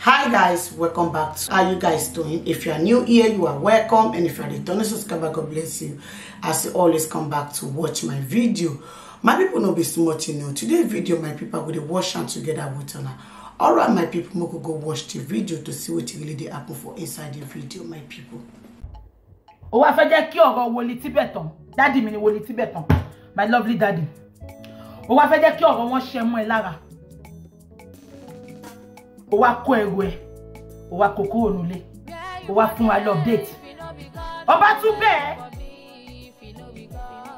hi guys welcome back to how you guys doing if you are new here you are welcome and if you are returning subscriber god bless you as you always come back to watch my video my people know be small you. know today video my people will dey watch together with una all right my people make we go watch the video to see what really dey happen for inside the video my people. Oh, I fẹ́ jẹ́ kí ọ̀rọ̀ wòlí tibetan dáàdì mi ni wòlí tibetan my lovely daddy Oh, I fẹ́ jẹ́ kí ọ̀rọ̀ wọn ṣe mọ́ ó wá kó ẹrù ẹ̀ ó wá kó kúrò nílé ó wá fún wa lọ déètì ọba tún bẹ́ẹ̀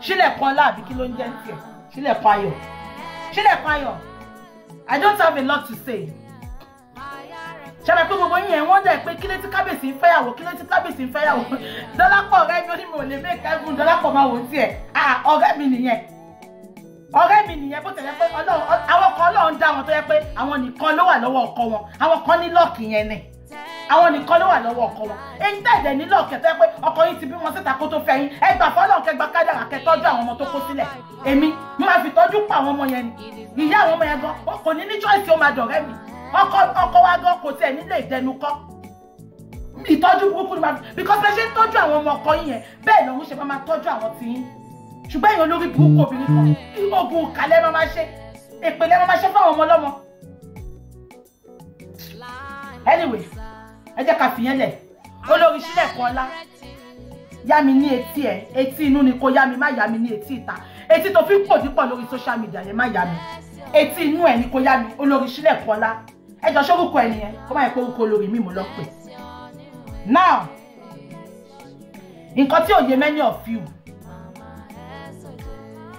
sílẹ̀kùn ọlá àbí kí ló ń jẹ́ ń tiẹ̀ sílẹ̀kùn ayọ̀ sílẹ̀kùn ayọ̀ I don't have a lot to say ṣẹlẹ̀ pé gbogbo yín yẹn wọ́n dẹ̀ pé kílé tí kábíyèsí ń fẹ́yàwó kílé tí kábíyèsí ń fẹ́yàwó dọ́lápọ̀ ọ̀rẹ́ mi ó ní mi ò lè mẹ́ẹ̀kẹ́ gùn dọ́lápọ̀ máa wò ó tiẹ̀ ah, ọ̀rẹ́ mi nìyẹn ọ̀rẹ́ mi nìyẹn bó tẹ̀lé pé àwọn kan Ọlọ́run dá wọn tó yẹ pé àwọn nìkan ló wà lọ́wọ́ ọkọ wọn àwọn kan ní lọ́ọ̀kì yẹn ni àwọn nìkan ló wà lọ́wọ́ ọkọ wọn èyí tẹ̀ dẹ̀ ní lọ́ọ̀kì tó yẹ pé ọkọ yín ti bí wọn síta kó tó fẹ́ yín ẹ gbà fọ́lọ́ọ̀ kẹgbà kádàrà kẹ tọ́jú àwọn ọmọ tó kó sílẹ̀ èmi mo máa fi tọ́jú pa àwọn ọmọ yẹn ni ìyá àwọn ọmọ yẹn gan kò ní ní choice ó máa dọ̀rẹ́ mi ọkọ wa gan kò tiẹ̀ nílé ìdẹnukọ́ ìtọ́jú burúkú ni máa fi because bẹ́ẹ̀ ṣe ń tọ́jú àwọn ọmọ ọkọ yín yẹn bẹ́ẹ̀ lòun ṣe máa tọ́jú àwọn tiyín ṣùgbọ́n èèyàn lórí burúkú obìnrin kan oògùn òkàlẹ́ máa máa ṣe ìpìlẹ̀ máa máa ṣe fáwọn ọmọ ọlọ́mọ. anyway ẹ jẹ́ ká fìyẹn lẹ̀ olórí sílẹ̀ kan lá yá mi ní etí ẹ etí inú ni kò yá mi má yá mi ní etí ìta etí tó fi ń pòdípọ̀ lórí social media yẹn má yá mi etí inú ẹ ni kò yá mi olórí sílẹ̀ kan lá ẹ jọ sórúkọ ẹ nìyẹn kó má yẹ pé orúkọ olórí mi mo lọ pè now nǹkan tí ò yé many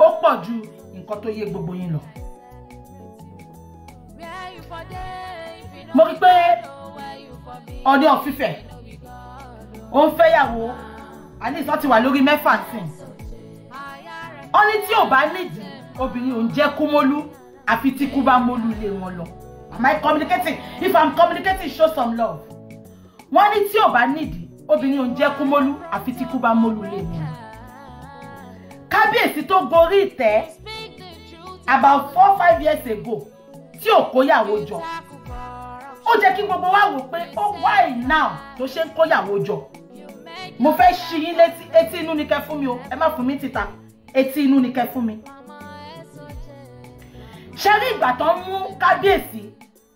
ó pọ̀ ju nǹkan tó yé gbogbo yín lọ. mo rí pé ọdẹ ọ̀fífẹ́ ó ń fẹ́yàwó àní ìsọ́ ti wà lórí mẹ́fà sìn. ó ní tí ò bá nídìí obìnrin ò ń jẹ́ kúmólú àfi tí kú bá mólú ilé wọn lọ. Am I communicating? If I'm communicating, show some love. wọ́n ní tí ò bá nídìí obìnrin ò ń jẹ́ kúmólú àfi tí kú bá mólú ilé wọn kábíyèsí tó gorí ìtẹ́ about four five years ago tí ò kóyàwó jọ ó jẹ́ kí gbogbo wa wò pé ó oh, why now tó ṣe ń kóyàwó jọ mo fẹ́ ṣí yín létí etí inú ni kẹ́ fún mi o ẹ má fún mi títa etí inú ni kẹ́ fún mi ṣe rí ìgbà tó ń mú kábíyèsí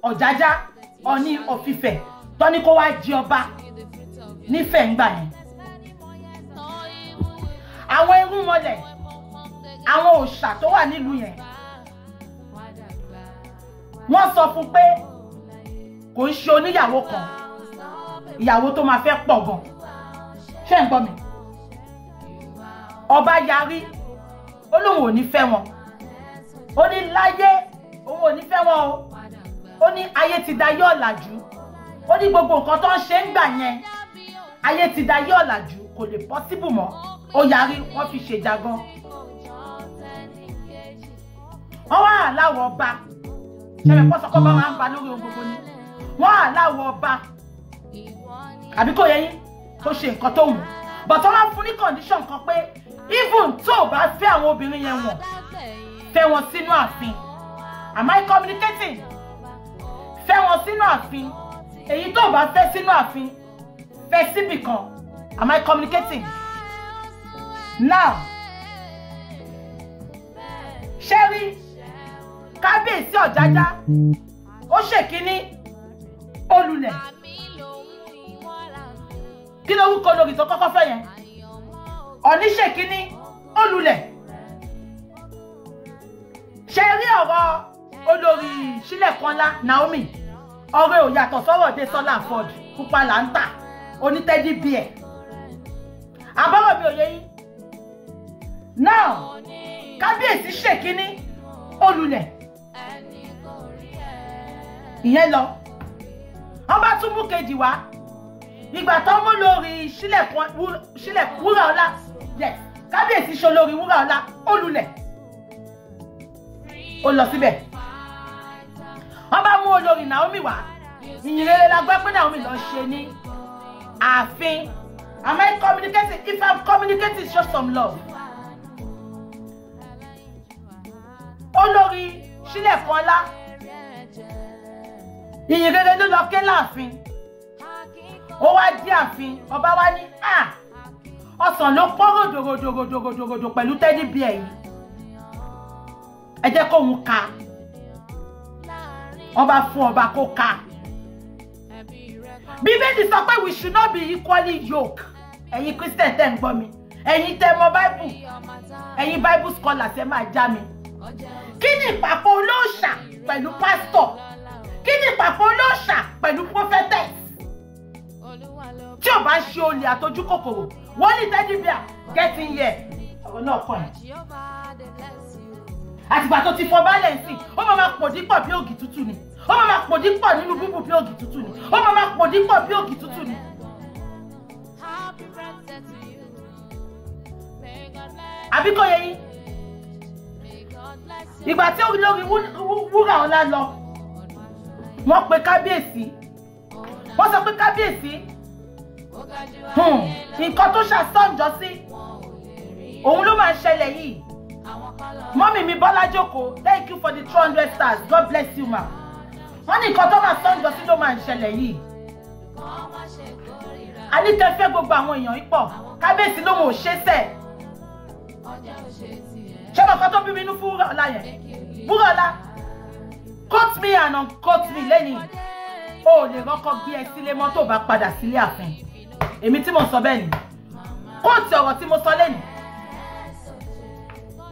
ọ̀jájá ọ̀ní òfìfẹ́ tó kó wá jí ọba nífẹ̀ẹ́ ńgbà yẹn àwọn irúnmọlẹ̀ àwọn òòṣà tó wà nílùú yẹn wọ́n sọ fún pé kò ń ṣe oníyàwó kan ìyàwó tó máa fẹ́ pọ̀ gan ṣé ń gbọ́ mi ọba yarí ó lóun ò ní fẹ́ wọn ó ní láyé òun ò ní fẹ́ wọn o ó ní ayé ti dayé ọ̀làjú ó ní gbogbo nǹkan tó ń ṣe ń gbà yẹn ayé ti dayé ọ̀làjú kò lè pọ́síbù mọ́ ó yarí wọ́n fi ṣèjàgan wọ́n wá aláwọ̀ ọba ṣẹlẹ̀ pọ́sọ́kọ́ bá wọn ba lórí ohun gbogbo ni wọ́n aláwọ̀ ọba àbí kò yẹ yín kó ṣe nǹkan tó wù bọ̀tọ́ wá fún ní condition kan pé even tó o bá fẹ́ àwọn obìnrin yẹn wọ̀n fẹ́ wọn sínú ààfin am I communicating fẹ́ wọn sínú ààfin èyí tó o bá fẹ́ sínú ààfin fẹ́ síbì kan am I communicating now ṣẹ́rí kábíyèsí ọ̀jájá ó ṣèkínní olùlẹ̀ kí ló wúkọ lórí tó kọ́kọ́ fẹ́ yẹn ọ̀ní ṣèkínní olùlẹ̀ ṣẹ́rí ọ̀rọ̀ olórí sílẹ̀kọ́lá Naomi ọ̀rẹ́ ò yàtọ̀ sọ́rọ̀ dé sọ́lá ford pupa là ń tà onítẹ́dí bíẹ̀ àbọ̀rọ̀ mi ò yẹ yín now kábíyèsí ṣèkínní olùlẹ̀ ìyẹn lọ wọ́n bá tún mú kejì wá ìgbà tó mú lórí sílẹ̀ wúrà ọlá yes kábíyèsí ṣe olórí wúrà ọlá olùlẹ̀ ó lọ síbẹ̀ wọ́n bá mú olórí Naomi wá ìyìnrere la gbọ́ pé Naomi lọ ṣe ní ààfin am I communicating if I'm communicating show some love. olórí sílẹ̀kùn ọlá ìyìn rere ló lọ ké láàfin ó wá dí àfin ọba wá ní à ọsàn ló pọ́n ròdòròdòròdòròdò pẹ̀lú tẹ́lí bí ẹ̀yìn ẹ jẹ́ kóun ka ọba fún ọba kó ka bíbélì sọ pé we should not be equally yoked ẹ̀yin christian tẹ́ ń gbọ́ mi ẹ̀yin tẹ́ mọ bible ẹ̀yin bible scholar ẹ máa já mi kí ni ìpàkọ́ olóòṣà pẹ̀lú pásítọ̀ kí ni ìpàkọ́ olóòṣà pẹ̀lú prophetess tí ò bá ṣe olè àtọjú kòkòrò wọ́n ní tẹ́jú bíà get in here ọ̀rọ̀ náà kọ́ ẹ̀. àtìgbà tó ti fọ balẹ̀ sí ó máa ma pò dípọ̀ bí ògì tútù ni ó máa ma pò dípọ̀ nínú bíbù bí ògì tútù ni ó máa ma pò dípọ̀ bí ògì tútù ni. àbíkọ́ yẹ yín ìgbà tí olórí wúrà ọlá lọ wọ́n pe kábíyèsí wọ́n sọ pé kábíyèsí hmm, nǹkan tó ṣàṣọ́njọ́ sí òun ló máa ń ṣẹlẹ̀ yìí mọ́mì mi bọ́lá jókòó thank you for the two hundred stars god bless you ma wọ́n ní nǹkan tó máa ṣọ́njọ́ sí ló máa ń ṣẹlẹ̀ yìí a ní tẹ́ fẹ́ gbogbo àwọn èèyàn yìí pọ̀ kábíyèsí ló mọ̀ ṣe sẹ́ẹ̀ ṣé mo kọ́ tó bí mi inú fún me and uncut me lẹ́yìn Oh, ò lè rọ́kọ́ gbé ẹ sílé mọ́ tó bá padà sílé ààfin èmi tí mo sọ bẹ́ẹ̀ ni kóòtù ọ̀rọ̀ tí mo sọ lẹ́nu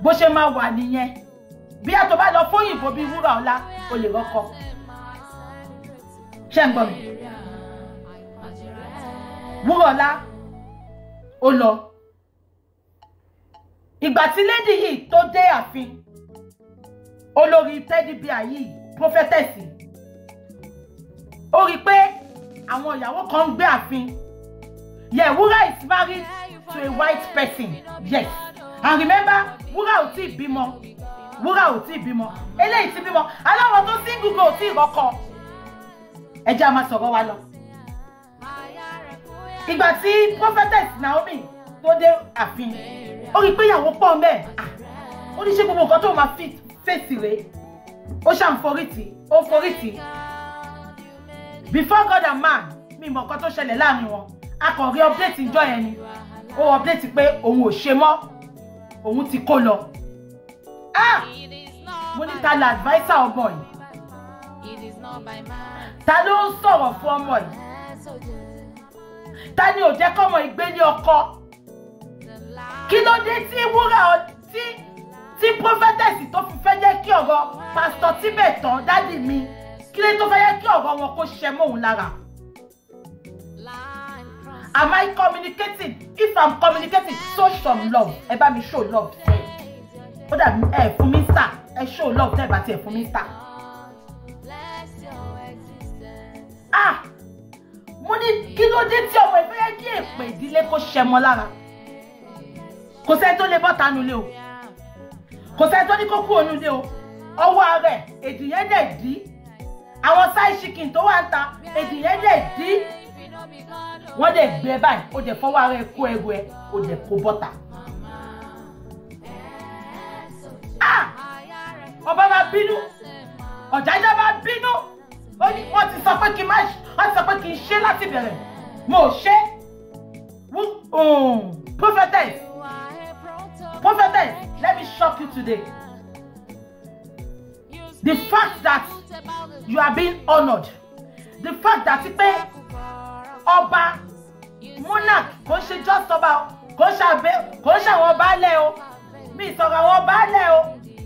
bó ṣe máa wà nìyẹn bí àtọ̀ bá o lè rọ́kọ ṣé ń mi wúrà ọ̀la ó lọ ìgbà tí lady yìí tó dé ààfin olórí teddy bear yìí prophetess ó rí i pé àwọn ìyàwó kan ń gbé ààfin yeah wúrà is married to a white person yes and remember wúrà ò tí ì bímọ wúrà ò tí ì bímọ eléyìí ti bímọ aláwọ̀ tó single go ò tí ì rọ́kọ ẹ jẹ́ a máa sọ̀rọ̀ wa lọ ìgbà tí prophetess Naomi tó dé ààfin ó rí i pé ìyàwó pọ̀ mẹ́ẹ̀ ah, ó ní ṣe gbogbo nǹkan tó máa fi fèsì rèé ó ṣàn forítì ó forítì before God and man mi mọ̀ nǹkan tó ṣẹlẹ̀ láàrin wọn a kàn rí update ìjọ yẹn ni ó update pé òun ò ṣe mọ́ òun ti kó lọ ah! mo ní ta la adviser ọmọ yìí ta ló ń sọ̀rọ̀ fún ọmọ yìí ta ni ò jẹ́ kọ́mọ ìgbélé ọkọ kí ló dé tí wúrà ọtí tí prophetess tó fi fẹ́ jẹ́ kí ọ̀rọ̀ pásítọ̀ tíbẹ̀ tán dádì mi kí ló tó fẹ́ jẹ́ kí ọ̀rọ̀ wọn kó ṣe mọ́ òun lára. Am I communicating? If I'm communicating, show some love. Ẹ bá mi show love. Ó dàbí ẹ fún mi star. Ẹ show love tẹ́ ẹ bá tiẹ̀ fún mi star. Ah! Mo ní kí ló dé tí ọmọ ìfẹ́ yẹ kí èpè ìdílé kó ṣẹmọ lára kò sẹ́ni tó lè bọ́ tanu lé o kò sẹ́ni tó ní kó kú ònú lé o ọwọ́ rẹ̀ èdìyẹ dẹ̀ dí àwọn side chicken tó wà ń ta èdìyẹ dẹ̀ dí wọ́n dẹ̀ gbé e báyìí ó dẹ̀ fọwọ́ ara ẹ̀ kó ẹrù ẹ̀ ó dẹ̀ kó bọ́tà. Ah! ọba bá bínú ọ̀jájá bá bínú wọ́n ti sọ pé kí n wọ́n ti sọ pé kí n ṣe láti bẹ̀rẹ̀ mo ṣe um, prophetess Prophetess, let me shock you today. The fact that you are being honored, the fact that pé Oba monarch kò ṣe just ọba kò ṣe àwọn baálẹ̀ o mi ìsọ̀rọ̀ àwọn baálẹ̀ o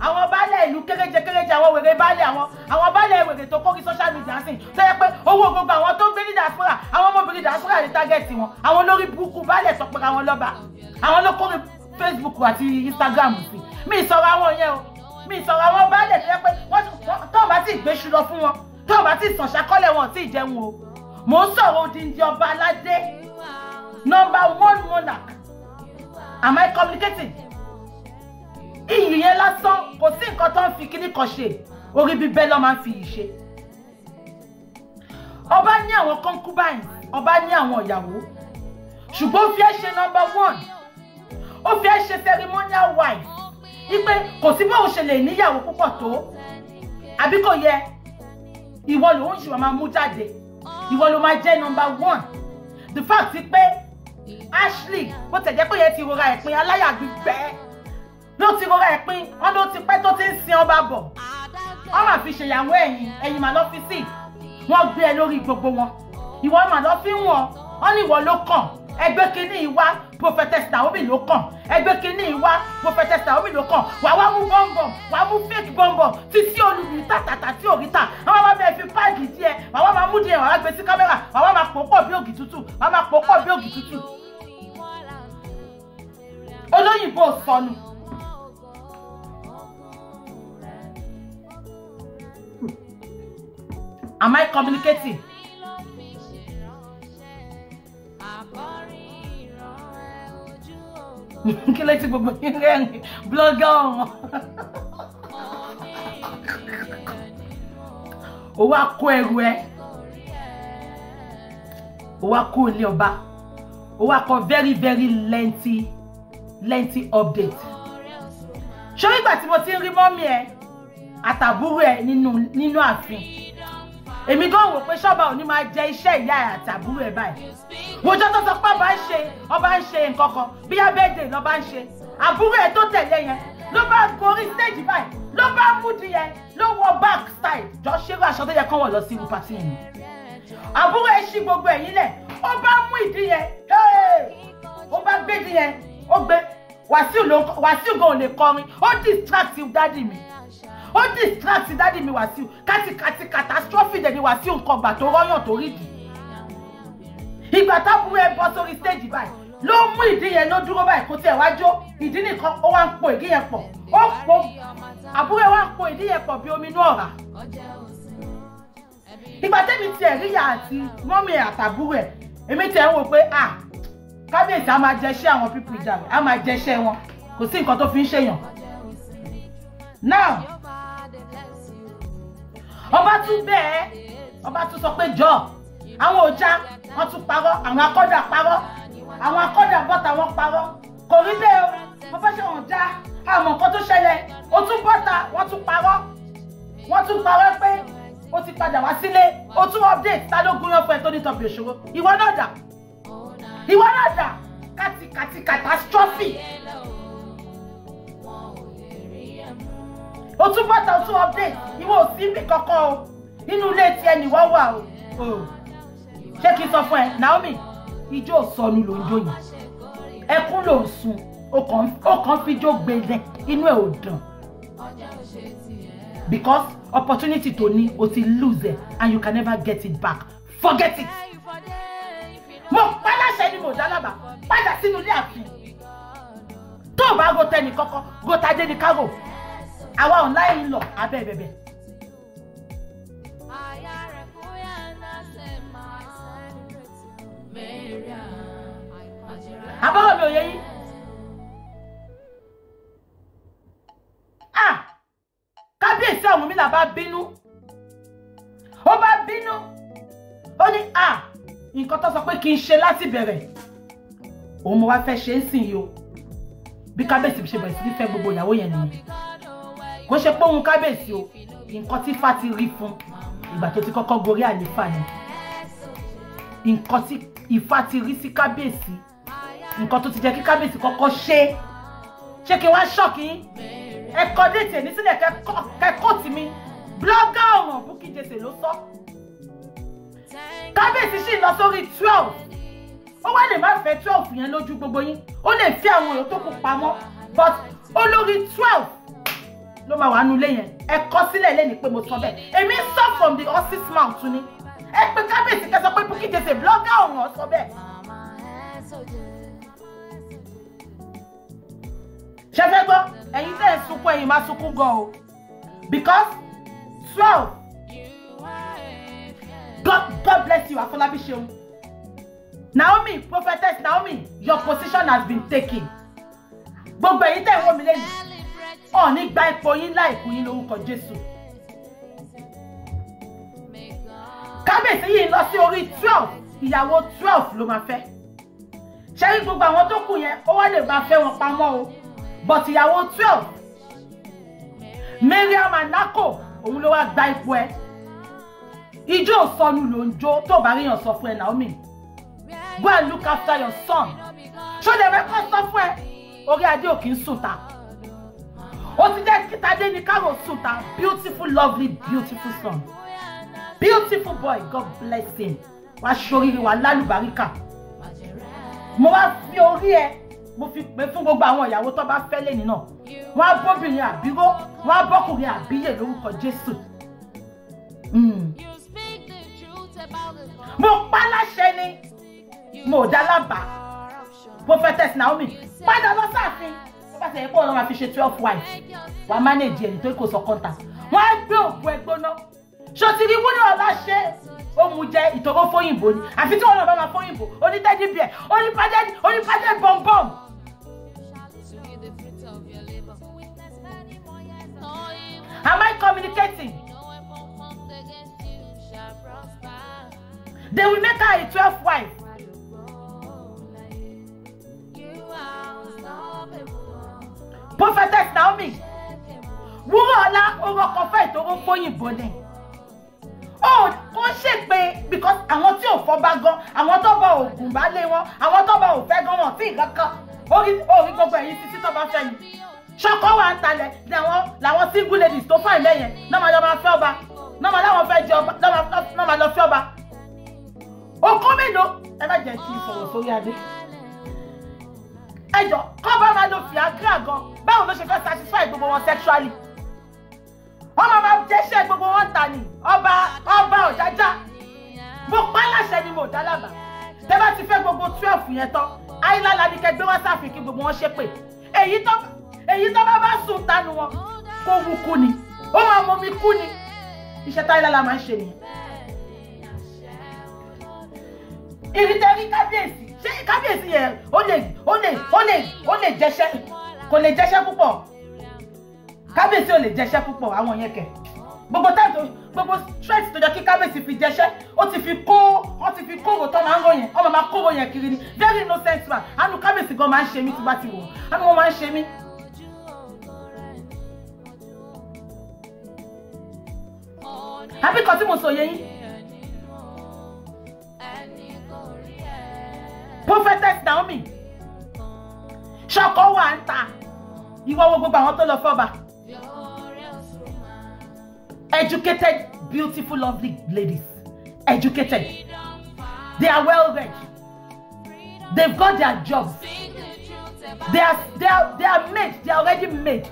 àwọn baálẹ̀ ìlú kéréje kéréje àwọn wèrè baálẹ̀ àwọn àwọn baálẹ̀ wèrè tó kórí social media sí tó yẹ pé owó gbogbo àwọn tó ń gbé ní diaspora àwọn ọmọbìnrin diaspora ní tágẹ́ẹ̀tì wọn àwọn lórí burúkú baálẹ̀ sọ pé àwọn lọ́ba àwọn ló kórè facebook àti instagram sí mi sọ̀rọ̀ àwọn yẹn o mi sọ̀rọ̀ àwọn baálẹ̀ tó yẹ pé tó bá ti gbéṣu lọ fún wọn tó bá ti sàn ṣàkọ́lẹ̀ wọn ti jẹun o mò ń sọ̀rọ̀ odindi ọba aládé number one monarch am i communicating iyì yẹn lásán kò sí nǹkan tó ń fi kíní kan ṣe orí bíbẹ́ ló máa ń fi yìí ṣe ọba ní àwọn concubines ọba ní àwọn ìyàwó ṣùgbọ́n fi ẹ́ ṣe number one ó fẹ́ ṣe ceremonial wife ipe kò sí bóun ṣe lè níyàwó púpọ̀ tó àbí kò yẹ ìwọ ló ń ṣì máa mú jáde ìwọ ló máa jẹ́ number one the fact is, pé Ashley bó tẹ̀ jẹ́ pé yẹn ti rora ẹ̀pin aláyà gbígbẹ́ ló ti rora ẹ̀pin wọn ló ti pẹ́ tó ti ń sin ọba bọ̀ wọn máa fi ṣèyàwó ẹ̀yìn ẹ̀yìn màá lọ fi sí wọn gbé ẹ lórí gbogbo wọn ìwọ màá lọ fi wọn wọn ní ìwọ ló kàn ẹgbẹ́ kínní ìwá prophetess Naomi ló kàn ẹgbẹ́ kínní ìwá prophetess Naomi ló kàn wà wá mú bọ́ǹbọ̀n wà mú fake bọ́ǹbọ̀n tí sí tàtàtà tí òrìtà àwọn ọmọ bẹ́ẹ̀ páàgì díẹ̀ wà wá máa mú díẹ̀ wà wá gbé sí kámẹ́rà wà wá máa pò bí ògì tútù wà máa pò bí ògì tútù olóyìnbó sọnù. Hmm. Am I communicating? kí ló ti gbogbo yín rẹ́rìn blọ́gà ọ̀ràn ó wá kó ẹrù ẹ ó wá very very lengthy lengthy update ṣé ìgbà tí mo ti ń rí mọ́mí ẹ àtàbúrò ẹ nínú ààfin èmi gan wò pé ṣọ́ba òní máa jẹ iṣẹ́ ìyá ẹ̀ àtàbúrò ẹ̀ báyìí wòjọ́ tó sọ pé ọba ń ṣe ọba ń ṣe nǹkan kan bí abẹ́dẹ̀ lọ́ba ń ṣe àbúrò ẹ̀ tó tẹ̀lé yẹn ló bá gorí stage báyìí ló bá múdi yẹn ló wọ back side jọ ṣerú aṣọ tó yẹ kán wọ̀ lọ sí irú pàtí yẹn àbúrò ẹ̀ ṣí gbogbo ẹ̀yìn lẹ̀ ó bá mú ìdí yẹn ó bá gbé ìdí yẹn ó gbé wàsíù gan ò lè kọrin ó distract dádì mi ó distract dáàdi mi Wàsíù kátikàti catastrophe dẹ̀ ni Wàsíù nǹkan gbà tó rọ́yàn tó rí dì ìgbà tábúrú ẹ bọ́ sórí stage báyìí ló mú ìdí yẹn ló dúró báyìí kó tiẹ̀ wá jó ìdí nìkan ó wá ń po ìdí yẹn pọ̀ ó po àbúrò ẹ wá ń po ìdí yẹn pọ̀ bí omi inú ọ̀rá ìgbà tẹ́mi tiẹ̀ ríyà àti mọ́mì àtàbúrò ẹ̀ èmi tiẹ̀ ń wò pé à kábíyèsí á máa jẹṣẹ́ àwọn pípì ìjà rẹ̀ á máa jẹṣẹ́ wọn kò sí nǹkan tó fi ń ṣèyàn now ọba tún bẹ́ẹ̀ ọba tún sọ pé jọ àwọn ọjà wọn tún parọ́ àwọn akọ́dà parọ́ àwọn akọ́dà bọ́tà wọn parọ́ kò rí bẹ́ẹ̀ o wọ́n fẹ́ ṣe wọn já àmọ́ nǹkan tó ṣẹlẹ̀ ó tún bọ́tà wọ́n tún parọ́ wọ́n tún parọ́ pé ó ti padà wá sílé ó tún update ta ló gúnyán fún ẹ tó ní tọ́bi òṣòro ìwọ náà dà ìwọ náà dà kàtìkàtì catastrophe. o tún bọ́ta o tún update ìwọ ò sí níbi kankan o nínú ilé tiẹ̀ nìwọ́ wà o ṣé kí n sọ fún ẹ Naomi ijó sọnù ló ń jó yẹn ẹkún ló ń sun ó kàn fi jó gbẹlẹ inú ẹ ò dàn because opportunity tó ní o ti lose it and you can never get it back forget it mo paláṣẹ ni mo dálábà padà sínú ilé àfin tó o bá go tẹnì go tajé ni ká go àwa ò láì lọ abẹ́ bẹ̀bẹ̀. àbáwọ̀ mi ò yẹ yín. kábíyèsí ọ̀hún mi là bá bínú ó bá bínú ó ní à nǹkan tó sọ pé kí n ṣe láti bẹ̀rẹ̀ òun mo wá fẹ́ ṣe é sìn yìí o bí kábíyèsí ṣe bẹ̀rẹ̀ sí ní gbogbo ìyàwó yẹn nìyẹn kò ṣe pé òun kábíyèsí o nǹkan tí fa ti rí fún ìgbà tó ti kọ́kọ́ gorí àlefa ni nǹkan tí Ifá ti rí sí kábíyèsí nǹkan tó ti jẹ́ kí kábíyèsí kọ́kọ́ ṣe ṣé kí wá ṣọ́ọ̀kì ẹ kọ déètì ní sílẹ̀ kẹ́kọ̀ọ́ tì mí blọ́gà ọ̀ràn Bukky Jesse ló sọ kábíyèsí sì lọ sórí twelve ó wá lè má fẹ́ twelve yẹn lójú gbogbo yín ó lè fi àwọn èrò tó kù pamọ́ but ó twelve ló máa wà nulẹ̀ yẹn ẹ kọ sílẹ̀ lẹ́ni pé mo sọ bẹ́ẹ̀ èmi ń sọ from the horse's mouth ni ẹ pé kábíyèsí kẹsàn pé Bukky Jesse blogger ọ̀hún ọ̀ sọ bẹ́ẹ̀. ṣe fẹ́ gbọ́ ẹ̀yin tẹ́ ẹ̀ sunkún ẹ̀yin máa sunkún gan o because twelve God, God bless you Afolabi Seun Naomi prophetess Naomi your position has been taken gbogbo ẹ̀yin tẹ́ ẹ̀ wọ́n mi lẹ́yìn ọ̀ọ́ni gba ipò yín láìkú yín lórúkọ Jésù. kábíyèsí yìí lọ sí orí twelve ìyàwó twelve ló máa fẹ́ ṣé rí gbogbo àwọn tó kù yẹn ó wá lè máa fẹ́ wọn pamọ́ o but ìyàwó twelve Mariam anako òun ló wá gba ipò ẹ ijó sọnù ló ń jó tó bá ríyàn sọ fún ẹ Naomi go and look after your son ṣó lè rẹ kọ́ sọ fún ẹ orí adé ò kì í sùn ta ni karo Sultan, beautiful, lovely, beautiful son. Beautiful boy, God bless him. Wàá ṣoríire wàá lálùbáríkà. Mo wá fi orí ẹ, mo fi pè fún gbogbo àwọn ìyàwó tó bá fẹ́ lẹ́ni náà. Wọ́n á bóbìnrin àbíró, wọ́n á bọ́kùnrin àbíyè lórúkọ Jésù. Hmm. Mo pa láṣẹ ni, mo dá lábàá. Prophetess Naomi, padà lọ sáàfin tó bá tẹ̀yẹ àfi ṣe twelve wives wàá manage ẹ̀ nítorí kò sọ kọ́ńtà wọ́n á gbé òkú ẹ̀ gbóná wúlò ọ̀la ṣe ohun jẹ ìtọ́gbọ́ fóyìnbó ni àfi tí wọn lọ bá máa fóyìnbó onítẹ́jú bíẹ̀ onípájẹ́ onípájẹ́ bọ̀m̀bọ̀m. Am I communicating? They will make her a twelve wife. prophetess naomi wúrọ̀ ọ̀la ọ̀rọ̀ kọfẹ́ ìtòrò fóyìnbó lẹ̀ ó ó ṣèpè because àwọn tí ò fọba gan àwọn tó bá òògùn bá lé wọn àwọn tó bá òfẹ́ gan wọn tí nǹkan kan orí orí gbogbo ẹ̀yìn títí tó bá fẹ́ yìí ṣọkọ wa ń talẹ̀ làwọn làwọn single ladies tó fà lẹ́yìn náà máa lọ máa fẹ́ ọba náà máa láwọn fẹ́ jẹ ọba náà máa lọ fẹ́ ọba okó mélòó ẹ má jẹ́ kí n sọ̀rọ̀ sórí adé ẹjọ kọ́ bá máa lo fiagra gan báwo ló ṣe fẹ́ satisfy gbogbo wọn sexually wọ́n máa máa jẹ́ṣẹ́ gbogbo wọn ta ni ọba ọba ọ̀jájá mo pa láṣẹ ni mo dá lábàá tẹ́ bá ti fẹ́ gbogbo twelve yẹn tán ayélujára ni kẹgbẹ́ wá sáfì kí gbogbo wọn ṣe pé èyí tó èyí tó bá bá sùn tánu wọn kó wu kú ni ó máa mọ omi kú ni iṣẹ́ táyélujára máa ń ṣe nìyẹn ìrìtẹ̀rí kábíyèsí ṣé kábíyèsí yẹn ó lè ó lè ó lè ó lè jẹṣẹ́ kò lè jẹṣẹ́ púpọ̀ kábíyèsí ò lè jẹṣẹ́ púpọ̀ àwọn yẹn kẹ̀ gbogbo táì tó gbogbo stress tó jẹ́ kí kábíyèsí fi jẹṣẹ́ ó ti fi kó ó ti fi kóòwò tó máa ń rò yẹn ọmọ máa kóòwò yẹn kiri ni very innocent man àánú kábíyèsí gan máa ń ṣe mí tí bá ti wò àánú wọn máa ń ṣe mí. àbíkọ tí mo sọ yẹ yín. prophetess Naomi ṣọkọ wà ń ta ìwọ wo gbogbo àwọn tó lọ fọba educated beautiful lovely ladies educated they are well read they've got their jobs they are they are they are made they are already made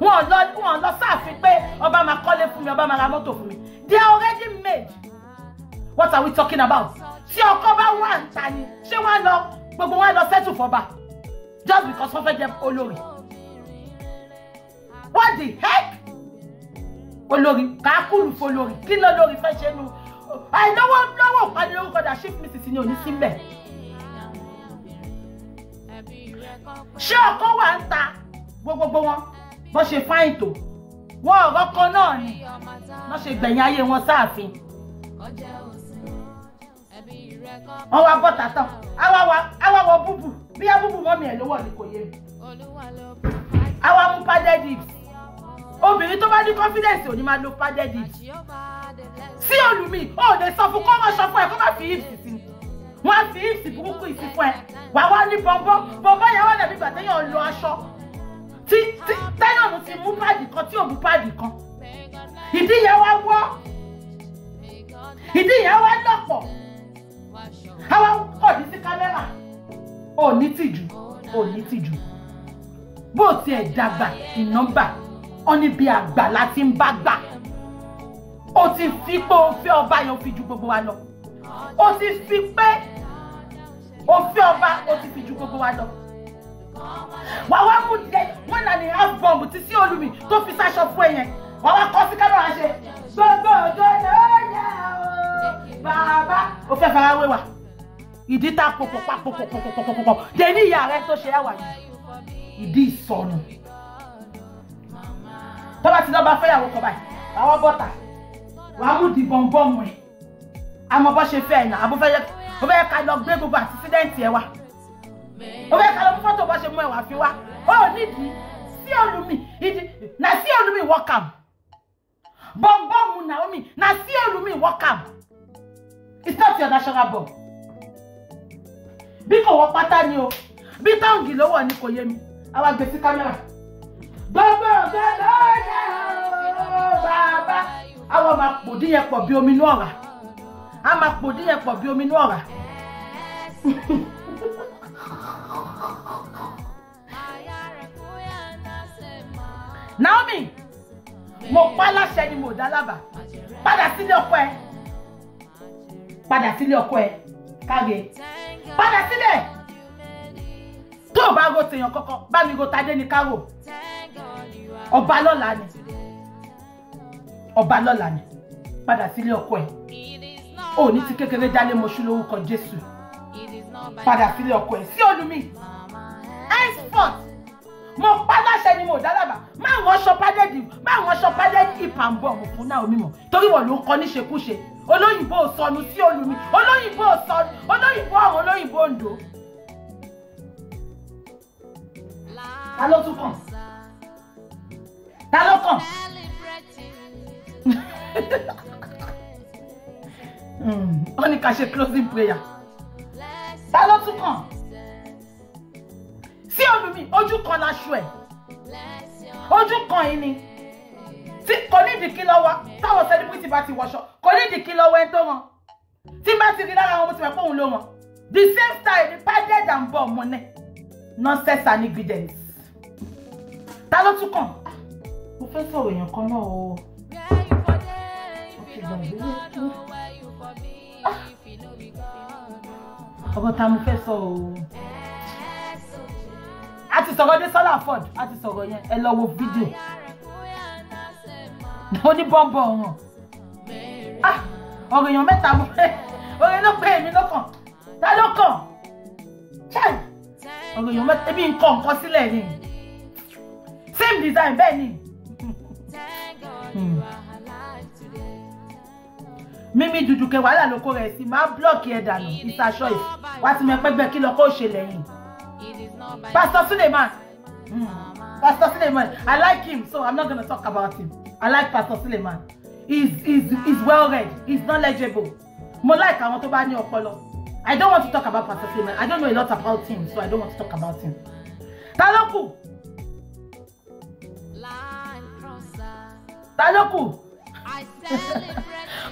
wọn lọ wọn lọ sáàfin pé ọba máa kọ́lé fún mi ọba máa ra mọ́tò fún mi they are already made what are we talking about tí ọkọ bá wà ń ta ni ṣé wọn lọ gbogbo wọn lọ settle fọba just because wọn fẹ́ jẹ olórí what the heck olórí kàákùlù fọlórí kí ló lórí fẹ́ ṣe nu àìlówó lọ́wọ́ ìpàdé lórúkọ dà chief mrs ni ò ní síbẹ̀ ṣé ọkọ wà ń ta gbogbogbò wọn bó ṣe fáìn tó wọn ọ̀rọ̀ kan náà ni wọ́n ṣe gbẹ̀yìn ayé wọn sáàfin wọn wá bọ́tà tán àwa wọ búbù bí a búbù mọ́mí ẹ̀ lówó ni kò yé mi àwa mú padded it obìnrin tó bá ní confidence ò ní máa lo padded it sí olùmí ò lè sọ fún kọ́ wọn sọ fún ẹ kó má fi hip sí wọn á fi hip burúkú ìsì ẹ wà wá ní bọ́ńbọ́ bọ́ńbọ́ yẹn wọ́n dàbí gbàtẹ́ yẹn lọ aṣọ tí tẹ́yọ̀mù ti mú páàdì kan tí ò mú páàdì kan ìdí yẹn wá wọ́ ìdí yẹn wá dọ̀pọ̀ káwá òní sí kámẹ́rà òní tìjú òní tìjú bó tiẹ̀ dàgbà ìnọ́mbà ó ní bí àgbà láti ń bá gbà ó ti fi pé ó fẹ́ ọba yẹn ó fi ju gbogbo wa lọ ó ti fi pé ó fẹ́ ọba ó ti fi ju gbogbo wa lọ wàá wá mú jẹ wọn nà ní half bomb ti sí olùmí tó fi sáṣọ fún ẹ yẹn wàá wá kọ́ sí kámẹ́rà ṣe gbogbo òjò ló yà ó bàbá ó fẹ́ fara wé ìdí tá pòpòpòpòpòpòpòpò dèní ìyá rẹ tó ṣe ẹwà yìí ìdí ìsọnù tọ́ba ti lọ́ba fẹ́yàwó kọ báyìí wàá wọ́ bọ́tà wàá mú di bọ̀m̀bọ̀mù ẹ̀ àmọ́ bọ́ ṣe fẹ́ ẹ̀ náà àbúfẹ́yẹ ó fẹ́ ká lọ gbé gbogbo àtisídẹ́ǹtì ẹ̀ wá ó fẹ́ ká lọ mú fọ́tò bọ́ ṣe mú ẹ̀ wá fi wá ó nídìí sí olùmí ìdí na sí olùmí wọ́kàm bọ̀m̀bọ̀mù Naomi na sí olùmí wọ́kàm it's not your national bomb bí kò wọ pátá ni o bí táǹgì ló wọ̀ ni kò yé mi àwa gbèsè kámẹ́rà. gbogbo ọ̀gá ló yẹ ooo bàbá. àwa máa pò díyẹn pọ̀ bí omi inú ọ̀rá a máa pò díyẹn pọ̀ bí omi inú ọ̀rá. Naomi mo pa láṣẹ ni mo dá lábàá padà sílé ọkọ ẹ padà sílé ọkọ ẹ káre padà sílẹ̀ tó o bá ro tèèyàn kankan bá mi ro tadé ní kárò ọba lọ́la ni ọba lọ́la ni padà sílé ọkọ ẹ̀ ò ní ti kékeré dálé mọ́ṣú lórúkọ Jésù padà sílé ọkọ ẹ̀ sí olùmí export mo pa láṣẹ ni mo dálábà má wọ́n ṣọ pádẹ́ẹ̀dì má wọ́n ṣọ pádẹ́ẹ̀dì ìpàǹbọ̀ mo fún náà omi mọ̀ torí wọ́n ló ń kọ́ níṣekúṣe olóyìnbó sọnù sí olùmí olóyìnbó sọnù olóyìnbó àwọn olóyìnbó òǹdó. ta ló tún kàn ta ló kàn. wọ́n ní ká ṣe closing prayer ta ló tún kàn sí olùmí ojú kan láṣọ ẹ̀ ojú kan yìí ni tí kò ní ìdìkí lọ́wọ́ táwọn sẹ́lẹ̀bùrìtì bá ti wọṣọ kò ní ìdìkí lọ́wọ́ ẹni tó wọn tí bá ti rí lára wọn mo ti mọ̀ pé òun ló wọn the same style ni padded and ball money nonsense and evidence ta ló tún kàn ah, mo fẹ́ sọ̀rọ̀ èèyàn kan náà o ah, ọkọ ta mo fẹ́ sọ o a ti sọ̀rọ̀ dé sọ́là ford a ti sọ̀rọ̀ yẹn ẹ lọ wo fídíò. ó ní bọ́ǹbọ̀ ọ̀hún ah, ọ̀rọ̀ èèyàn mẹ́ta mo fẹ́ orin ló pé èmi lọ́kàn ta ló kàn ṣáì ọ̀rọ̀ èèyàn mẹ́ta ebi nǹkan nǹkan sílẹ̀ ni same design bẹ́ẹ̀ ni hmm. mímí dúdú kẹ wàhálà ló kó rẹ sí máa blọọkì ẹ dànù ìsàṣọ ẹ wá sí mi pẹgbẹ kí lọkọ ò ṣe lẹ́yìn Pastor Suleiman mm. Pastor Suleiman I like him so I'm not gonna talk about him. I like Pastor Suleiman. He's, he's, he's well read. He's knowledgeable. More like I want to buy new ọpọlọ. I don't want to talk about Pastor Suleiman. I don't know a lot about him, so I don't want to talk about him. Taloku. Taloku. kù? Ta ló kù?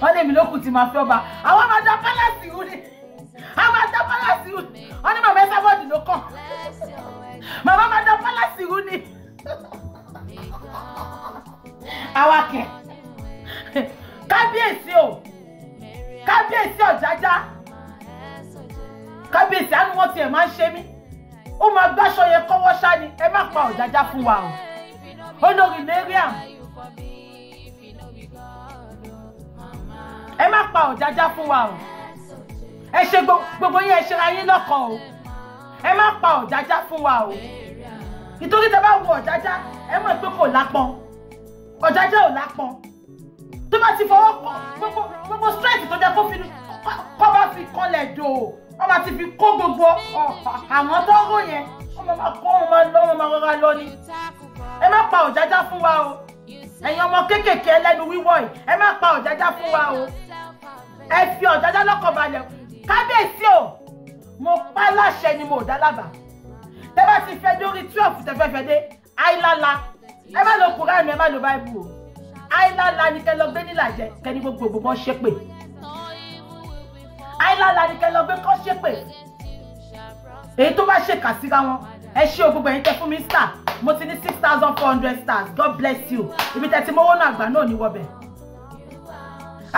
Wọ́n lè mi ló kù tí màá fi ọba. Àwọn máa da pálásì wú ni. Àwọn máa da pálásì wú ni. Wọ́n ní awakẹ̀ kábíyèsí o kábíyèsí ọ̀jájá kábíyèsí àánú wọn tiẹ̀ máa ń ṣe mí ó máa gbáṣọ yẹn kọ́wọ́ ṣá ni ẹ má pa ọ̀jájá fún wa o olórí mariam ẹ má pa ọ̀jájá fún wa o ẹ ṣe gbogbo yín ẹ ṣe ra yín lọ́kàn o ẹ má pa ọ̀jájá fún wa o nítorí tẹ bá wo ọ̀jájá ẹ mọ̀ pé kò lápọn ọ̀jájá ò lápọn tó bá ti fọwọ́ kàn gbogbo gbogbo strength tó jẹ́ kó fi kọ́ bá fi kanlẹ̀ dò wọ́n máa ti fi kó gbogbo àwọn tó ń rò yẹn wọ́n máa kó wọn máa lọ wọn máa rọra lọ ni ẹ má pa ọ̀jájá fún wa o ẹ̀yin ọmọ kéékèèké ẹlẹ́nu wíwọ́ yìí ẹ má pa ọ̀jájá fún wa o ẹ fi ọ̀jájá lọ́kàn balẹ̀ kábíyèsí o mo pa láṣẹ ni mo dá lábàá tẹ bá ti fẹ́ dórí twelve tẹ fẹ́ fẹ́ dé àìlàlà ẹ má lo kùránì ẹ má lo báìbù o àìlàlà ni kẹ́ lọ gbé nílàjẹ kẹ́ ní gbogbo gbogbo ṣépè àìlàlà ni kẹ́ lọ gbé kọ́ ṣépè èyí tó bá ṣèkà síra wọn ẹ ṣé o gbogbo ẹ̀yin tẹ́ fún mi star mo ti ní six thousand four hundred stars god bless you ibi tẹ́ ti mọ́wọ́ náà àgbà náà ní wọbẹ̀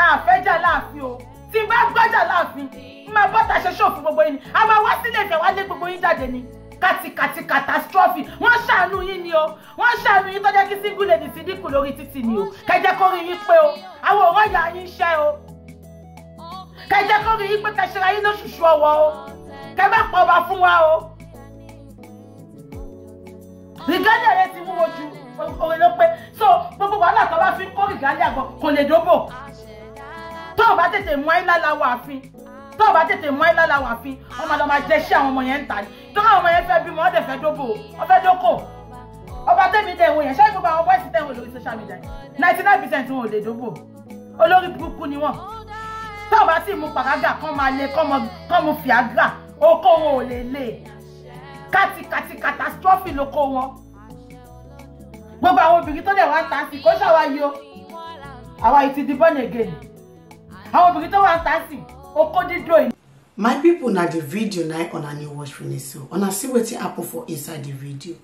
àfẹ́jà láàfin o tí n bá gbọ́jà láàfin n máa bọ́ta ṣe ṣòfin gbogbo yín ni a máa wá sílé ìfẹ́ wá lé gbogbo yín jáde ni kàtìkàtì catastrophe wọ́n ṣàánú yín ni o wọ́n ṣàánú yín tó jẹ́ kí single lady ti dínkù lórí títì ni o kẹjẹ kó rí yín pé o àwọn ọ̀rọ̀ ìyá yín ṣẹ́ o kẹjẹ kó rí yín pé kẹṣẹ́ra yín lóṣùṣù ọwọ́ o kẹ má pọ̀ ọba fún wa o rìgálẹ̀ rẹ ti wúwo ju òwe ló pé so gbogbo wàhálà tó bá fi kó rìgálẹ̀ àgbọ̀ kò lè dóbò tó o bá tètè mú ayé láláwọ̀ àfin tó o bá tètè mọ ẹ lọ́la wà fín wọ́n máa lọ máa jẹ sí àwọn ọmọ yẹn ń tà ní tó àwọn ọmọ yẹn fẹ́ bímọ ọ̀dẹ̀ fẹ́ dóbò wọ́n fẹ́ dókò ọba tẹ́mi dẹ̀ wọ̀nyẹn ṣé gbogbo àwọn bọ́ìsì tẹ̀wọ̀n lórí social media ninety nine percent wọn ò lè dóbò olórí burúkú ni wọ́n tó o bá sì mú pàgágà kán máa le kán mu fìágà oko wọn ò lè le kátikàti catastrophe lóko wọn gbogbo àwọn obìnrin tó dẹ̀ wá ta sí kó ṣàwáyé o àwa yìí ti di born again àwọn obìnrin tó wá ta sí my people, now the video now on a new watch for finish so a see wetin happen for inside the video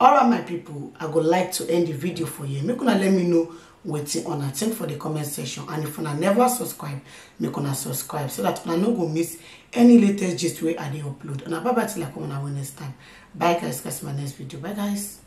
alright my people, i go like to end the video for you make una let me know wetin una think for the comment section and if una never subscribe make una subscribe so that you no go miss any latest gist way i dey upload una bye bye till i come una next time bye guys catch my next video bye guys